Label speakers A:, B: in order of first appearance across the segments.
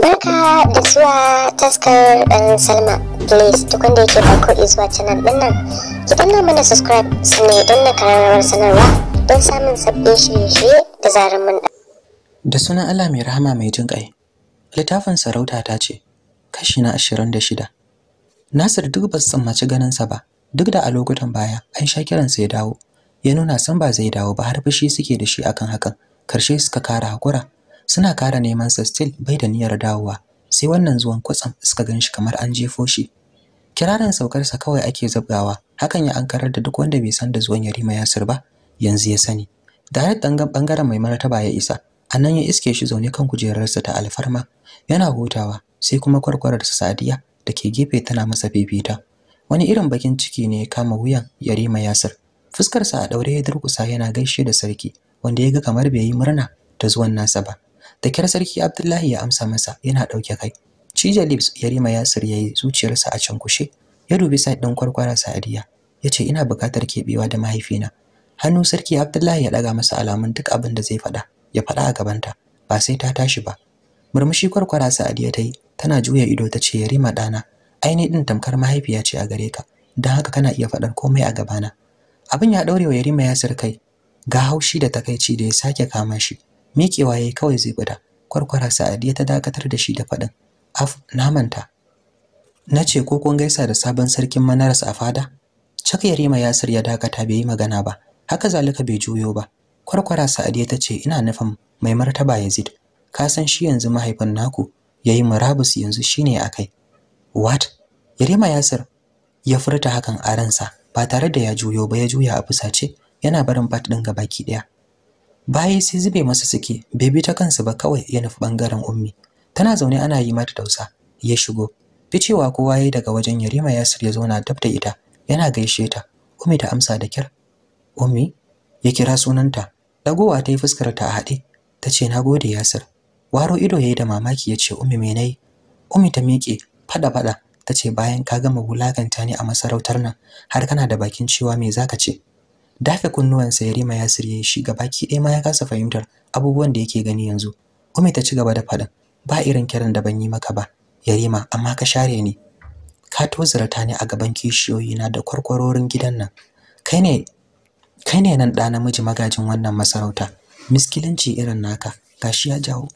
A: Barka da zuwa taskar ɗan Salma. Please duk wanda yake farko izuwa canal ɗin nan, ki danna mana subscribe sannan don na kararrawar sanarwa don samun sabbin shirye-shirye da zarar mun da. Da sunan Allah mai rahama mai jin ƙai, littafin sarauta ta ce, kashi na ashirin da shida. Nasir duk ba su tsammaci ganinsa ba, duk da a lokutan baya an sha kiransa ya dawo. Ya nuna san ba zai dawo ba har fushi suke da shi akan hakan. Karshe suka kara hakura, suna kara neman sa still bai da niyyar dawowa. Sai wannan zuwan kwatsam suka gan kamar an jefo shi. Kirarin saukarsa kawai ake zabgawa, hakan ya ankarar da duk wanda bai san da zuwan Yarima Yasir ba, yanzu ya sani. Dare dangan bangaren mai martaba ya isa, anan ya iske shi zaune kan kujerarsa ta alfarma, yana hutawa, sai kuma kwarkwararsa Sadiya da ke gefe tana masa fifita wani irin bakin ciki ne ya kama wuyan yarima yasir fuskarsa a daure ya durkusa yana gaishe da sarki wanda ya ga kamar bai yi murna da zuwan nasa ba da kyar sarki abdullahi ya amsa masa yana ɗauke kai cija lips yarima yasir ya yi zuciyarsa a can kushe. ya dubi sa ɗin kwarkwara sa'adiya ya ce ina buƙatar keɓewa da mahaifina hannu sarki abdullahi ya ɗaga masa alamun duk abin da zai faɗa ya faɗa a gabanta ba sai ta tashi ba murmushi kwarkwara sa'adiya ta yi tana juya ido ta ce Yarima ɗana aini din tamkar mahaifiya ce a gare ka don haka kana iya faɗar komai a gabana abin ya ɗaure wa Yarima ya kai ga haushi da takaici da ya sake kama shi miƙewa yi kawai zai bada. kwarkwara Sa'adiya ta dakatar da shi da faɗin af na manta na ce ko kun gaisa da sabon sarkin Manaras a fada Cak Yarima Yasir ya dakata bai yi magana ba haka zalika bai juyo ba kwarkwara Sa'adiya ta ce ina nufin mai martaba Yazid ka san shi yanzu mahaifin naku yayi murabus yanzu shine kai. what yarima yasir ya furta hakan a ransa ba tare da ya juyo ba ya juya a fusace yana barin bat din gabaki daya bayi sai zube masa suke Baby ta kansu ba kawai ya nufi bangaren ummi tana zaune ana yi mata tausa ya shigo ficewa kowa yayi daga wajen yarima yasir ya zauna dab da ita yana gaishe ta ummi ta amsa da kyar ummi ya kira sunanta dagowa ta yi fuskar ta a haɗe ta ce nagode yasir waro ido yayi da mamaki yace ce umi me nayi umi ta miƙe fada fada tace bayan ka gama wulakanta ni a masarautar nan har kana da bakin cewa me zaka ce dafe kunnuwan sa yarima ya sirye shi gabaki ɗaya ma ya kasa fahimtar abubuwan da yake gani yanzu umi ta ci gaba da faɗin ba irin kiran da ban yi maka ba yarima amma ka share ni ka tozarta ni a gaban kishiyoyi na da kwarkwarorin gidan nan kai ne kai ne nan ɗa namiji magajin wannan masarauta miskilanci irin naka gashi ya jawo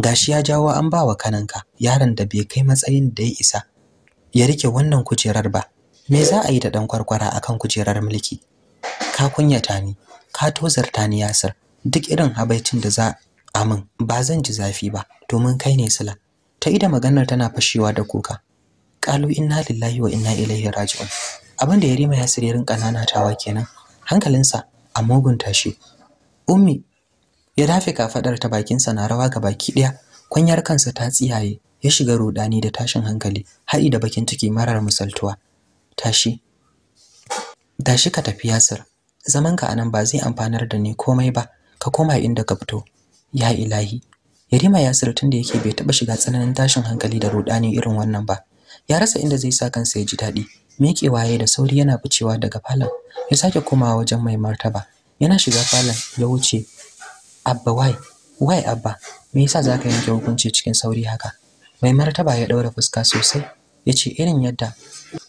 A: gashi ya jawo an bawa kananka yaron da bai kai matsayin da ya isa ya rike wannan kujerar ba me za a yi da dan kwarkwara akan kujerar mulki ka kunyata ni ka tozarta ni Yasir duk irin habaicin da za a min ba zan ji zafi ba domin kai ne sila ta ida maganar tana fashewa da kuka qalu inna lillahi wa inna ilaihi raji'un abin da yarima Yasir ya rinka nanatawa kenan hankalinsa a mugun shi ummi ya dafe kafadar ta bakin sa na rawa ga baki daya kwanyar kansa ta tsiyaye ya shiga rudani da tashin hankali har da bakin ciki marar musaltuwa. tashi tashi ka tafi yasir zamanka anan ba zai amfanar da ni komai ba ka koma inda ka fito ya ilahi yarima yasir tunda yake bai taba shiga tsananin tashin hankali da rudani irin wannan ba ya rasa inda zai sa kansa ya ji daɗi miƙewa waye da sauri yana ficewa daga falon ya sake komawa wajen mai martaba yana shiga falon ya wuce Abba wai, wai Abba, me yasa zaka yanke hukunci cikin sauri haka? Mai martaba ya daura fuska sosai, yace irin yadda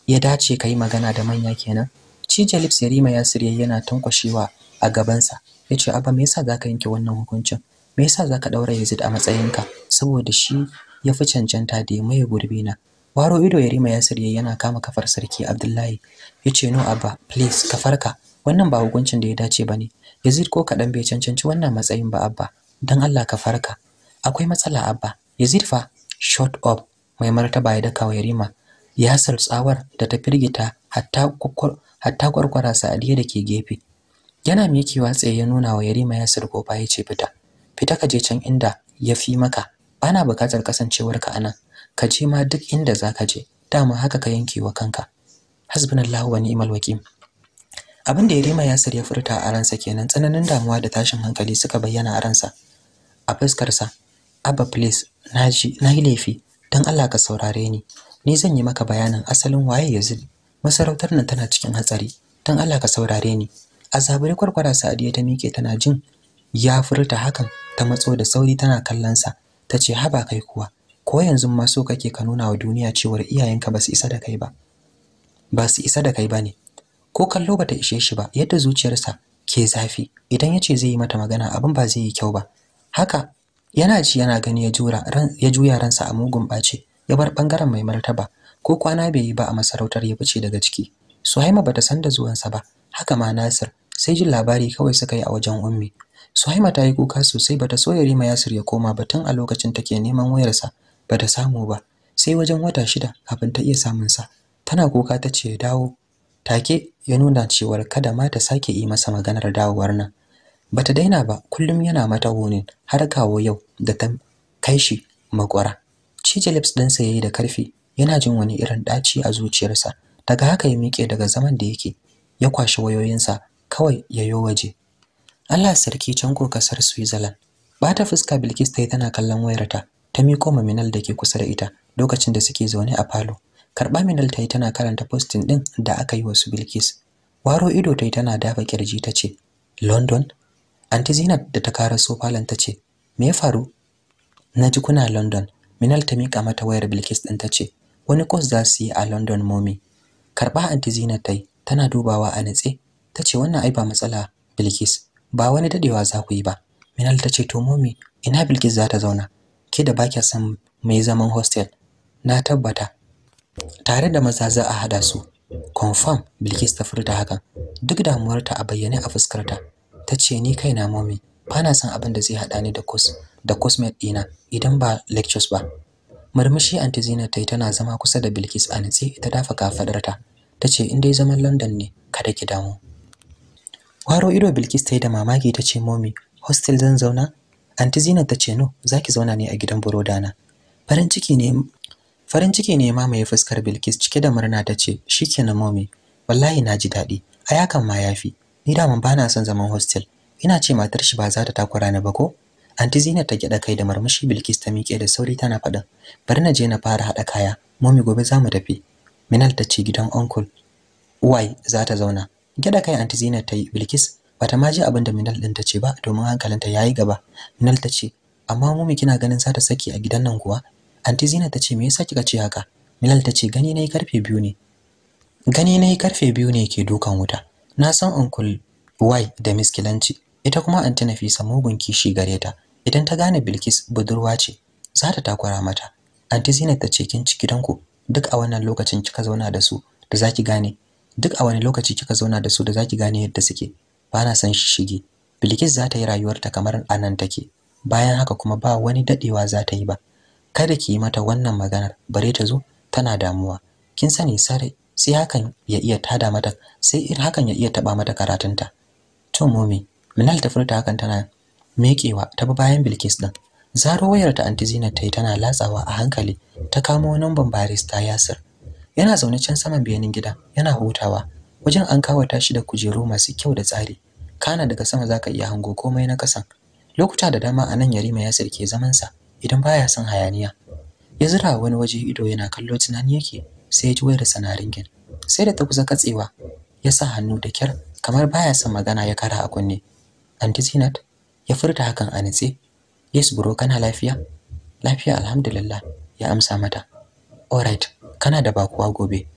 A: ya dace ka magana da manya kenan. Cije lips Yarima ya sirye yana tankwashewa a gabansa, ya ce Abba me yasa zaka yanke wannan hukuncin? Me yasa zaka ka ɗaura Yazid a matsayinka? Saboda shi ya fi cancanta da ya gurbi na Waro ido Yarima ya sirye yana kama kafar sarki Abdullahi, yace ce no Abba, please ka farka, wannan ba hukuncin da ya dace ba ne. Yazid ko kaɗan bai cancanci wannan matsayin ba abba. Don Allah ka farka. Akwai matsala abba. Yazid fa shot up mai martaba ya daka wa Yarima. Yasir tsawar da ta firgita hatta hatta kwarkwara Sa'adiya da ke gefe. Yana mikewa tsaye ya nuna wa Yarima Yasir kofa ya ce fita. Fita ka je can inda ya fi maka. Bana bukatar kasancewarka anan. Ka je ma duk inda za ka je. Dama haka ka yanke wa kanka. Hasbunallahu wa ni'mal wakil. abin da ya rima ya furta a ransa kenan tsananin damuwa da tashin hankali suka bayyana a ransa a fuskarsa abba please naji na yi laifi don allah ka saurare ni ni zan yi maka bayanin asalin waye yazid masarautar nan tana cikin hatsari dan allah ka saurare ni a zaburi kwarkwara sa'adiya ta mike tana jin ya furta hakan ta matso da sauri tana kallon sa tace haba kai kuwa ko yanzu ma so kake ka nuna wa duniya cewa iyayenka ba su isa da kai ba ba su isa da kai ba ne ko kallo bata ishe shi ba yadda zuciyarsa ke zafi idan ya ce zai yi mata magana abin ba zai yi kyau ba haka yana ji yana gani ya jura ran ya juya ransa a mugun ɓace ya bar bangaren mai martaba ko kwana bai yi ba a masarautar ya fice daga ciki Suhaima bata san da zuwansa ba haka ma Nasir sai jin labari kawai suka yi a wajen ummi Suhaima ta yi kuka sosai bata so ya rima Yasir ya koma ba tun a lokacin take neman wayarsa bata samu ba sai wajen wata shida kafin ta iya samunsa, tana kuka ta ce dawo take ya nuna cewar kada ma ta sake yi masa maganar dawowar nan bata daina ba kullum yana mata wonin har kawo yau da ta kai shi makwara cije lips ɗinsa ya yi da karfi yana jin wani irin ɗaci a zuciyarsa daga haka ya mike daga zaman da yake ya kwashi wayoyinsa kawai ya yo waje Allah sarki can ko kasar Switzerland bata fuska Bilkis tana kallon wayarta ta miƙo ma da ke kusa da ita lokacin da suke zaune a falo karɓa minal ta yi tana karanta postin ɗin da aka yi wasu bilkis waro ido ta yi tana dafa kirji ta ce london anti zinat da ta kara falon ta ce me ya faru na ji kuna london minal ta miƙa mata wayar bilkis ɗin ta ce wani kos za su yi a london momi karɓa anti zinat ta yi tana dubawa a natse ta ce wannan ai ba matsala bilkis ba wani dadewa za ku yi ba minal ta ce to momi ina bilkis za ta zauna ke da ba kya mai zaman hostel na tabbata tare da maza za a hada su confirm bilkis ta furta hakan duk damuwarta a bayyane a fuskarta ta ce ni na momi ba na son abin da zai hada ni da kos da cosmet ɗina idan ba lectures ba murmushi anti zina ta tana zama kusa da bilkis a nitse ta dafa kafadarta ta ce in dai zaman london ne kada ki damu waro ido bilkis ta da mamaki ta ce momi hostel zan zauna anti zina ta ce no zaki zauna ne a gidan burodana farin ciki ne farin ciki ne ma mai fuskar Bilkis cike da murna ta ce na mommy wallahi na ji daɗi a yakan ma ya fi. ni da man bana son zaman hostel ina ce matar shi ba za ta takura ni ba ko anti Zina ta gyaɗa kai da marmashi Bilkis ta miƙe da sauri tana faɗin bari na je na fara haɗa kaya mommy gobe za mu tafi Minal ta ce gidan uncle Uwai za ta zauna gida kai anti Zina ta yi Bilkis bata ma ji abin da Minal din ta ce ba domin hankalinta yayi gaba Minal ta ce amma momi kina ganin za ta saki a gidan nan kuwa anti zina ta ce me yasa kika ce haka milal ta ce gani nayi karfe biyu ne gani nayi karfe biyu ne ke dukan wuta na san uncle y da miskilanci ita kuma anti nafisa mugun kishi gare ta idan ta gane bilkis budurwa ce za ta takura mata anti zina ta ce kin ci gidanku duk a wannan lokacin kika zauna da su da zaki gane duk a wani lokaci kika zauna da su da zaki gane yadda suke ba na san shige bilkis za ta yi rayuwarta kamar anan take bayan haka kuma ba wani dadewa za ta yi ba kada ki yi mata wannan maganar bare ta zo tana damuwa kin sani sare sai hakan ya iya tada mata sai in hakan ya iya taba mata karatunta to mummy minal ta furta hakan tana mekewa ta bi bayan bilkis din zaro wayar ta anti zinat tai tana latsawa a hankali ta kamo namban barista yasir yana zaune can saman biyanin gida yana hutawa wajen an kawata shi da kujeru masu kyau da tsari kana daga sama zaka iya hango komai na kasan lokuta da dama anan yarima yasir ke zaman sa idan baya son hayaniya ya zura wani waje ido yana kallo tunani yake sai ya ji wayar sana ringin sai da ta kusa katsewa ya sa hannu da kyar kamar baya son magana ya kara a kunne anti zinat ya furta hakan a nitse yes bro kana lafiya lafiya alhamdulillah ya amsa mata alright kana da bakuwa gobe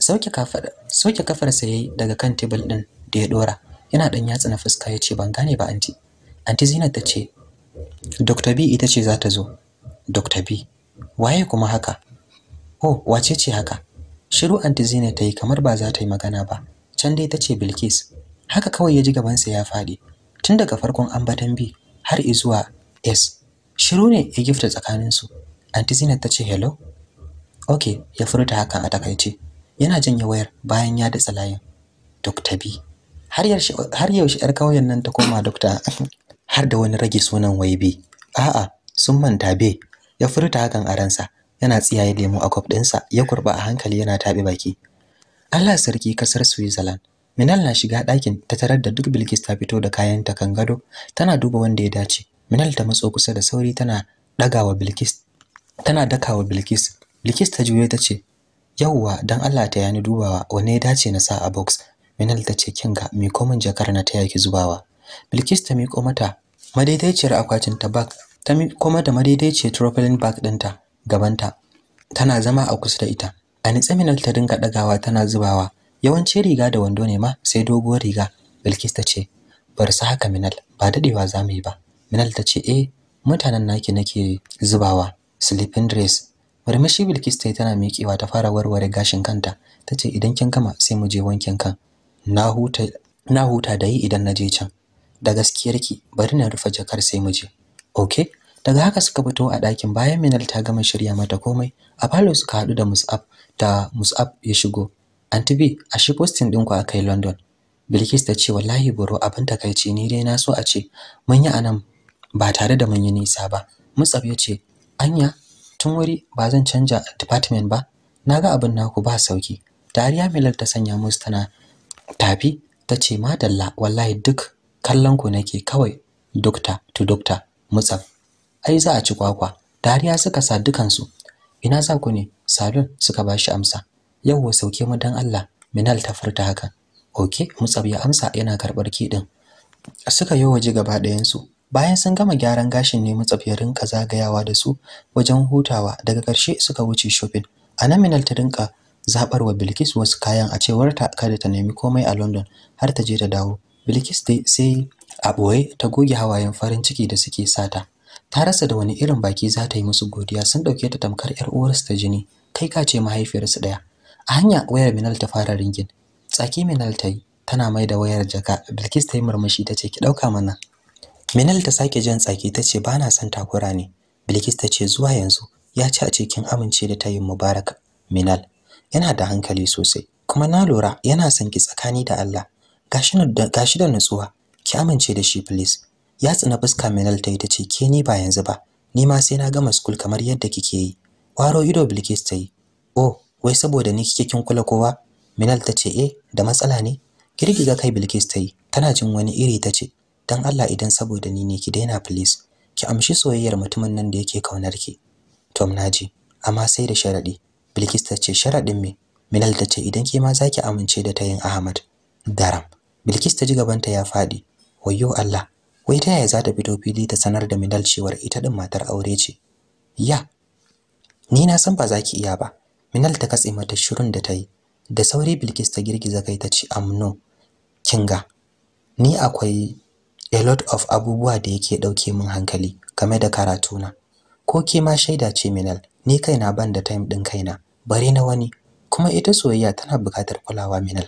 A: sauke kafar sauke kafar sai daga kan table din da ya dora yana dan yatsa na fuska ya ce ban gane ba anti anti zinat ta ce Dr. B ita ce za ta zo. Dr. B. Waye kuma haka? Oh, wace ce haka? Shiru Aunty Zina ta yi kamar ba za ta yi magana ba. Can dai ta ce Bilkis. Haka kawai ya ji gabansa ya faɗi. Tun daga farkon ambatan B har izuwa S. Shiru ne ya gifta tsakaninsu. Aunty Zina ta ce hello. Okay, ya furta hakan a takaice. Yana janye wayar bayan ya datsa layin. Dr. B. Har yaushe 'yar kauyen nan ta koma Dr. har da wani rage sunan waibi a'a sun manta be ya furta hakan a ransa yana tsiyaye lemo a kwaf ɗinsa ya kurba a hankali yana taɓe baki Allah sarki kasar Switzerland Minal na shiga ɗakin ta tarar da duk Bilkis ta fito da kayanta kan gado tana duba wanda ya dace Minal ta matso kusa da sauri tana dagawa Bilkis tana dakawa Bilkis Bilkis ta juyo ta ce yawwa dan Allah ta yani dubawa wane ya dace na sa a box Minal ta ce kinga mai komin jakar na ta yake zubawa Bilkis ta miƙo mata madaidaiciyar akwatin ta bag, ta miƙo mata madaidaiciyar traveling bag ɗinta gabanta. Tana zama a kusa da ita. A nitsa Minal ta dinga ɗagawa tana zubawa. Yawanci riga da wando ne ma sai doguwar riga. Bilkis ta ce, "Bar su haka Minal, ba daɗewa za mu yi ba." Minal ta ce, "Eh, mutanen naki nake zubawa, sleeping dress." Murmushi Bilkis ta yi tana miƙewa ta fara warware gashin kanta. Ta ce, "Idan kin gama sai mu je wankin kan. Na huta na huta da yi idan na je can." da gaskiyarki bari na rufe jakar sai mu je okay daga haka suka fito a ɗakin bayan minal ta gama shirya mata komai a falo suka haɗu da musab da musab ya shigo anti b a shi din ɗinku a kai london bilkis ta ce wallahi buru abin takaici ni dai na so a ce mun yi anan ba tare da mun yi nisa ba musab ya ce anya tun wuri ba zan canja department ba na ga abin naku ba sauki dariya milal ta sanya musu tana tafi ta ce madalla wallahi duk kallon ku nake kawai dokta to dokta mutsaf ai za a ci kwakwa dariya suka sa dukansu ina za ku ne salon suka ba shi amsa yawwa sauke mu dan Allah minal ta furta haka oke mutsab ya amsa yana karbar kidin suka yi waje gaba ɗayan su bayan sun gama gyaran gashin ne mutsaf ya rinka zagayawa da su wajen hutawa daga ƙarshe suka wuce shopping anan minal ta rinka zabarwa Bilkis wasu kayan a cewarta kada ta nemi komai a London har ta je ta dawo Bilkis dai sai a ɓoye ta goge hawayen farin ciki da suke sata. Ta rasa da wani irin baki za ta yi musu godiya sun ɗauke ta tamkar 'yar uwarsu ta jini kai ka ce mahaifiyarsu ɗaya. A hanya wayar Minal ta fara ringin. Tsaki Minal ta yi tana mai da wayar jaka Bilkis ta yi murmushi ta ce ki ɗauka mana. Minal ta sake jan tsaki ta ce ba na son takura ne. Bilkis ta ce zuwa yanzu ya ce a cikin amince da tayin Mubarak Minal. Yana da hankali sosai kuma na lura yana son ki tsakani da Allah. gashi da nutsuwa ki amince da shi please ya tsina fuska Minal ta yi ta ce ke ni ba yanzu ba ni ma sai na gama school kamar yadda kike yi waro ido Bilkis ta oh wai saboda ni kike kin kula kowa Minal ta ce eh da matsala ne ga kai Bilkis ta tana jin wani iri ta ce dan Allah idan saboda ni ne ki daina please ki amshi soyayyar mutumin nan da yake kaunar ki Tom naji amma sai da sharadi Bilkis ta ce sharadin me Minal ta ce idan ke ma zaki amince da tayin Ahmad daram Bilkis ta ji gabanta ya faɗi. Wayyo Allah, wai ta yaya za ta fito fili ta sanar da Minal cewar ita din matar aure ce? Ya. Ni na san ba za ki iya ba. Minal ta katse mata shirin da ta yi. Da sauri Bilkis ta girgiza kai ta ce amno. Kinga, ni akwai a lot of abubuwa da yake dauke min hankali game da karatuna. Ko ke ma shaida ce Minal, ni kaina ban da time din kaina, bare na wani. Kuma ita soyayya tana buƙatar kulawa Minal.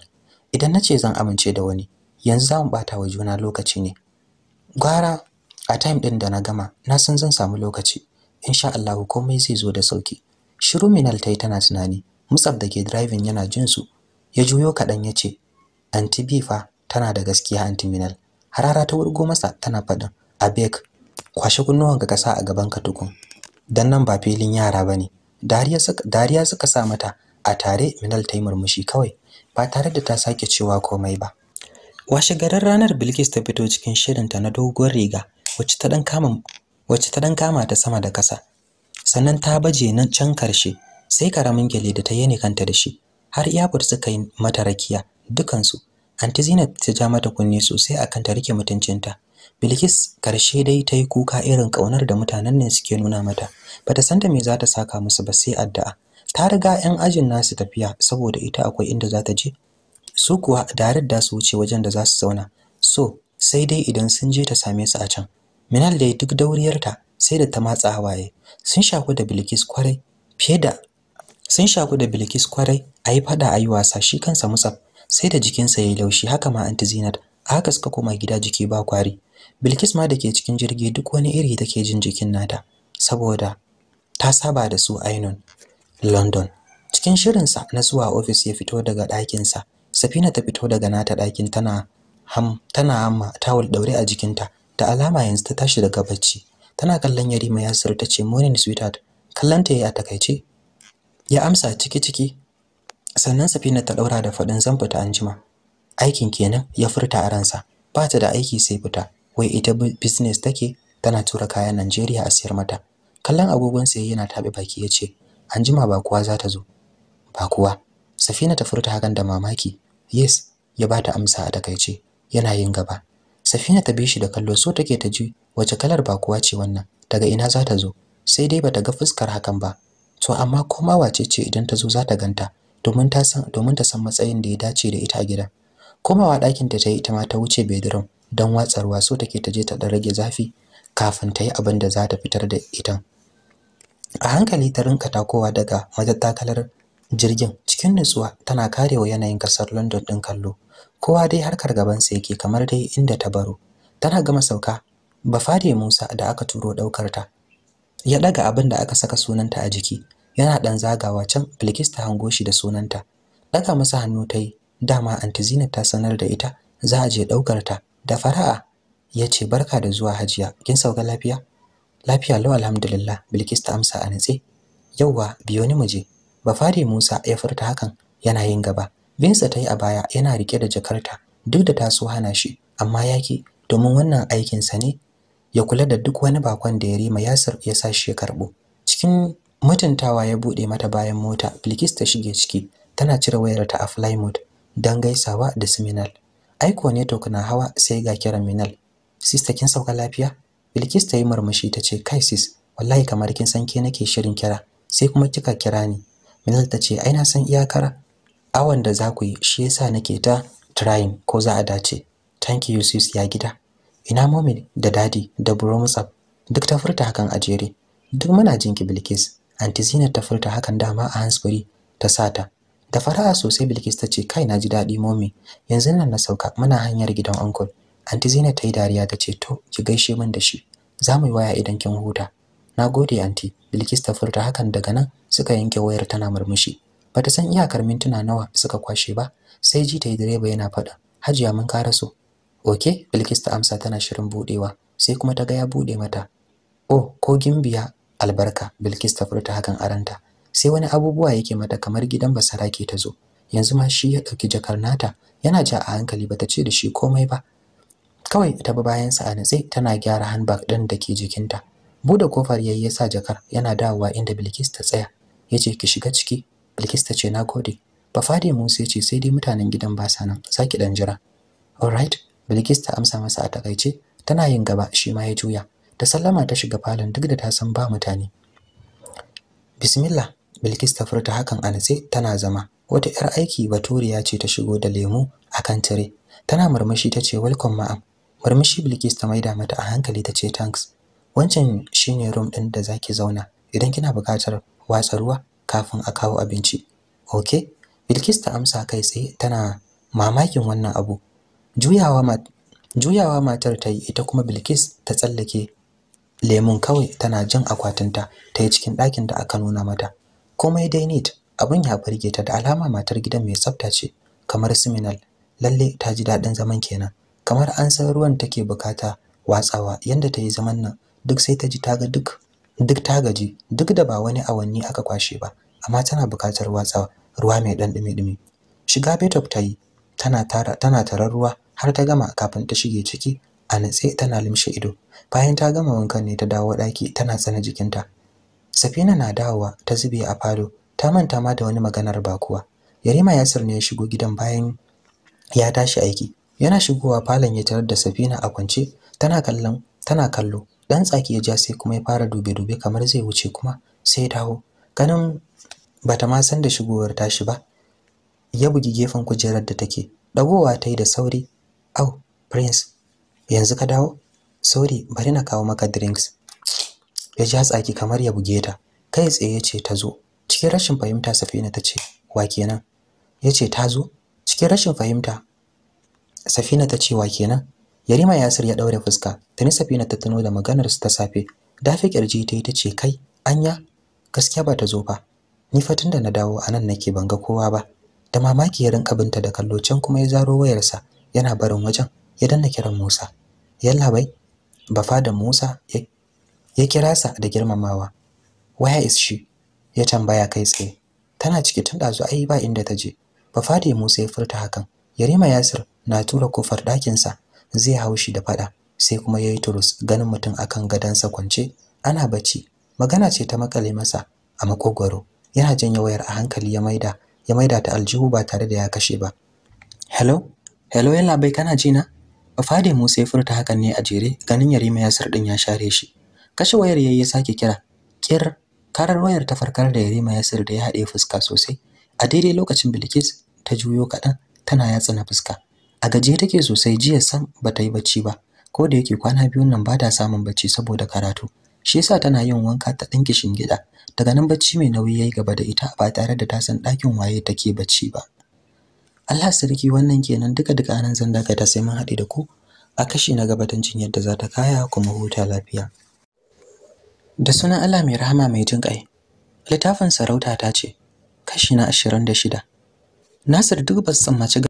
A: idan na ce zan amince da wani yanzu za mu ɓata wa juna lokaci ne gwara a time ɗin da na gama na san zan samu lokaci insha Allah komai zai zo da sauki shiru minal ta yi tana tunani musab da ke driving yana jin su ya juyo kaɗan ya ce anti bifa tana da gaskiya anti minal harara ta wurgo masa tana faɗin abek kwashe kunnuwanka ka sa a gaban ka tukun dan nan ba filin yara ba ne. dariya suka sa mata a tare minal ta yi murmushi kawai ba tare da ta sake cewa komai ba washe garin ranar Bilkis ta fito cikin shirinta na doguwar riga wacce ta dan kama ta sama da kasa sannan ta baje na can karshe sai karamin gele da ta yane kanta da shi har iyafur suka yi mata rakiya dukansu anti Zainab ta ja mata kunne sosai akan ta rike mutuncinta Bilkis karshe dai ta yi kuka irin ƙaunar da mutanen ne suke nuna mata bata san da me za ta saka musu ba sai addu'a ta riga 'yan ajin nasu tafiya saboda ita akwai inda za ta je su kuwa da da su wuce wajen da za su zauna so sai dai idan sun je ta same su a can minal dai duk dauriyarta sai da ta matsa hawaye sun shaku da bilkis kwarai fiye da sun shaku da bilkis kwarai a yi fada a yi wasa shi kansa musaf sai da jikinsa ya yi laushi haka ma anti zinat a haka suka koma gida jiki ba kwari bilkis ma da ke cikin jirgi duk wani iri take jin jikin nata saboda ta saba da su ainun London. Cikin shirinsa na zuwa ofis ya fito daga ɗakinsa. Safina ta fito daga nata ɗakin tana ham tana amma tawul daure a jikinta. Da alama yanzu ta tashi daga bacci. Tana kallon Yarima Yasir ta ce morning sweetheart. ta yayi a takaice. Ya amsa ciki ciki. Sannan Safina ta daura da faɗin zan fita anjima. Aikin kenan ya furta a ransa. Ba ta da aiki sai fita. Wai ita business take tana tura kayan Najeriya a siyar mata. Kallon agogon sai yana taɓe baki ya ce an jima ba kuwa za ta zo ba kuwa safina ta furta hakan da mamaki yes ya ba ta amsa a takaice yana yin gaba safina ta bi shi da kallo so take ta ji wace kalar ba kuwa ce wannan daga ina za ta zo sai dai bata ga fuskar hakan ba to amma koma wace ce idan ta zo za ta ganta domin ta san domin ta san matsayin da ya dace da ita a gidan komawa ɗakin ta ta yi ita ma ta wuce bedroom don watsarwa so take ta je ta ɗan rage zafi kafin ta yi abin da za ta fitar da itan a hankali ta rinka takowa daga matattakalar jirgin cikin nutsuwa tana karewa yanayin kasar london ɗin kallo kowa dai harkar gaban gabansa yake kamar dai inda ta baro tana gama sauka bafade musa da aka turo ɗaukar ta ya ɗaga abin da aka saka sunanta a jiki yana ɗan zagawa can bilkis ta hango shi da sunanta ɗaga masa hannu ta yi dama antizina ta sanar da ita za a je ɗaukar ta da fara'a ya ce barka da zuwa hajiya kin sauka lafiya Lafiya lau alhamdulillah Bilkis ta amsa a nitse. Yauwa biyo ni muje. Bafari Musa ya furta hakan yana yin gaba. Binsa ta a baya yana rike da jakarta duk da ta so hana shi amma yaki domin wannan aikinsa ne ya kula da duk wani bakon da ya rima Yasir ya sa shi ya karbo. Cikin mutuntawa ya bude mata bayan mota Bilkis ta shige ciki tana cire wayar ta a fly mode dan gaisawa da Siminal. Aiko ne to kana hawa sai ga kiran Minal. Sista kin sauka lafiya? Bilkis ta yi murmushi ta ce kai sis wallahi kamar kin san ke nake shirin kira sai kuma kika kira ni Minal ta ce ai na san iyakar awan da za ku yi shi yasa nake ta trying ko za a dace thank you sis ya gida ina mommy da daddy da bro duk ta furta hakan a jere duk muna jinki Bilkis anti Zinat ta furta hakan dama a Hansbury ta sata da fara'a sosai Bilkis ta ce kai na ji daɗi mommy yanzu nan na sauka muna hanyar gidan uncle anti Zinat ta yi dariya ta ce to ki gaishe min da shi za mu yi waya idan kin huta na gode anti bilkis ta furta hakan daga nan suka yanke wayar tana murmushi bata san iyakar mintuna nawa suka kwashe ba sai ji ta yi direba yana faɗa hajiya mun karaso oke bilkis ta amsa tana shirin buɗewa, sai kuma ta ga ya bude mata oh ko gimbiya albarka bilkis ta furta hakan aranta sai wani abubuwa yake mata kamar gidan basarake ta zo yanzu ma shi ya ɗauki jakar nata yana ja a hankali bata ce da shi komai ba kawai ta bi bayansa a natse tana gyara handbag ɗin da ke jikinta bude kofar yayi ya sa jakar yana dawowa inda Bilkis ta tsaya ce, ki shiga ciki Bilkis ta ce na nagode Bafade Musa yace sai dai mutanen gidan ba sa nan saki ɗan jira alright Bilkis ta amsa masa a takaice tana yin gaba shi ma ya juya ta sallama ta shiga falon duk da ta san ba mutane Bismillah Bilkis ta furta hakan a natse tana zama wata 'yar aiki baturiya ce ta shigo da lemu akan tire tana murmushi ta ce welcome ma'am Murmushi Bilkis ta maida mata a hankali ta ce tanks. Wancan shine room ɗin da zaki zauna idan kina buƙatar watsa ruwa kafin a kawo abinci. Okay? Bilkis ta amsa kai tsaye tana mamakin wannan abu. Juyawa mat juyawa matar ta yi ita kuma Bilkis ta tsallake lemun kawai tana jin akwatinta ta yi cikin ɗakin da aka nuna mata. Komai dai neat abin ya farge ta da alama matar gidan mai tsafta ce kamar siminal lalle ta ji daɗin zaman kenan. kamar an san ruwan take bukata watsawa yanda ta yi zaman nan duk sai ta ji ta ga duk duk ta gaji duk da ba wani awanni aka kwashe ba amma tana bukatar watsawa, ruwa mai dan dumi-dumi shiga betop ta yi tana tara tana tarar ruwa har ta gama kafin ta shige ciki a natse tana limshe ido bayan ta gama wankan ne ta dawo ɗaki, tana tsana jikinta safina na dawowa ta zube a falo ta manta ma da wani maganar bakuwa. yarima yasir ne ya shigo gidan bayan ya tashi aiki yana shigowa falon ya tarar da Safina a kwance tana kallon tana kallo dan tsaki ya ja sai kuma ya fara dube dube kamar zai wuce kuma sai ya dawo ganin bata ma san da shigowar tashi ba ya bugi gefen kujerar da take dagowa ta yi da sauri au prince yanzu ka dawo sauri bari na kawo maka drinks ya ja tsaki kamar ya buge ta kai tsaye ce ta zo cikin rashin fahimta safina ta ce wa kenan ya ce ta zo cikin rashin fahimta Safina ta cewa kenan Yarima Yasir ya daure fuska tani Safina ta tuno da maganar su ta safe dafi kirji ta yi ta ce kai anya gaskiya ba ta zo ba ni fa da na dawo anan nake banga kowa ba da mamaki ya rinka binta da kallo can kuma ya zaro wayarsa yana barin wajen ya danna kiran Musa yalla bai bafa da Musa ya kira sa da girmamawa waya is she ya tambaya kai tsaye tana ciki tun dazu ai ba inda ta je bafa da Musa ya furta hakan Yarima Yasir na tura kofar ɗakinsa zai hau shi da faɗa sai kuma ya yi turus ganin mutum akan gadonsa kwance ana bacci magana ce ta makale masa a makogwaro yana janye wayar a hankali ya maida ya maida ta aljihu ba tare da ya kashe ba hello hello yalla bai kana ji na fade musa ya furta hakan ne a jere ganin yarima ya din ya share shi kashe wayar yayi sake kira kir karar wayar ta farkar da yarima yasir da ya haɗe fuska sosai a daidai lokacin bilkis ta juyo kaɗan tana yatsa na fuska a gajiye take sosai jiya sam bata yi bacci ba ko da yake kwana biyun nan ba ta samun bacci saboda karatu shi yasa tana yin wanka ta ɗan gida daga nan bacci mai nauyi ya yi gaba da ita ba tare da ta san ɗakin waye take bacci ba Allah sarki wannan kenan duka duka anan zan dakata sai mun haɗe da ku a kashi na gabatancin yadda za ta kaya kuma huta lafiya da sunan Allah mai rahama mai jin ƙai littafin sarauta ta ce kashi na ashirin da shida. Nasir duk ba tsammaci